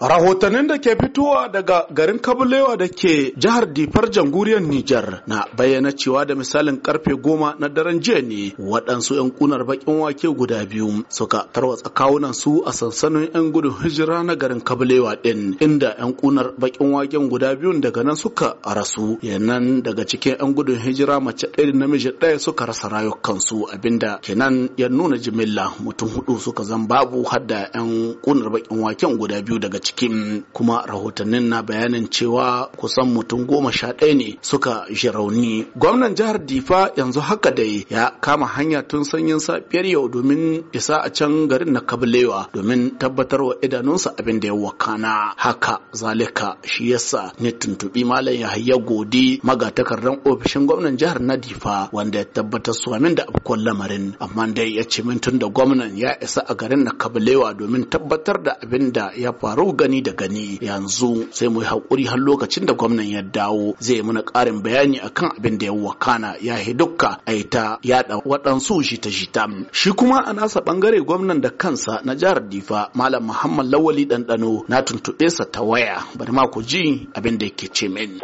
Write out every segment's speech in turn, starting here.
Rahotannin da ke fitowa daga garin Kabulewa da ke jihar Difar Janguriyar Nijar na bayyana cewa da misalin karfe goma na daren jiya ne waɗansu 'yan kunar bakin wake guda biyu suka tarwatsa kawunan su a sansanin 'yan gudun hijira na garin Kabulewa ɗin inda 'yan kunar bakin waken guda biyun daga nan suka rasu yanan daga cikin 'yan gudun hijira mace ɗaya da namiji ɗaya suka rasa rayukansu abinda kenan ya nuna jimilla mutum hudu suka zan babu hadda 'yan kunar bakin waken guda biyu daga cikin kuma rahotannin na bayanin cewa kusan mutum goma sha ɗaya ne suka ji rauni gwamnan jihar difa yanzu haka dai ya kama hanya tun sanyin safiyar yau domin isa a can garin na kabilewa domin tabbatar wa idanunsa abin da ya wakana haka zalika shi yasa ni tuntuɓi malam yahaya godi magatakardan ofishin gwamnan jihar na difa wanda ya tabbatar su amin da abokan lamarin amma dai ya ce min tun da gwamnan ya isa a garin na kabilewa domin tabbatar da abin da ya faru gani da gani yanzu sai mu yi haƙuri har lokacin da gwamnan ya dawo zai muna ƙarin bayani akan abin da ya wakana ya yi dukka a ta yaɗa waɗansu shita-shita shi kuma a nasa ɓangare gwamnan da kansa na jihar difa malam muhammad lawali ɗanɗano na tuntuɓe sa ta waya bari ma ku ji abin da yake ce min.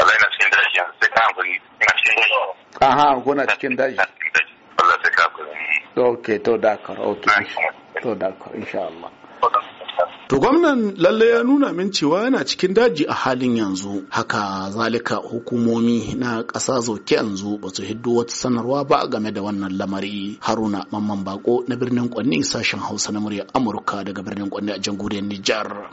Aha, kuna cikin daji. Okay, to dakar, okay. To dakar, insha Allah. To gwamnan lalle ya nuna min cewa yana cikin daji a halin yanzu. Haka zalika hukumomi na ƙasa zoke yanzu ba su hiddo wata sanarwa ba game da wannan lamari. Haruna Mamman Bako na birnin Kwanni sashen Hausa na murya Amurka daga birnin Kwanni a jamhuriyar Nijar.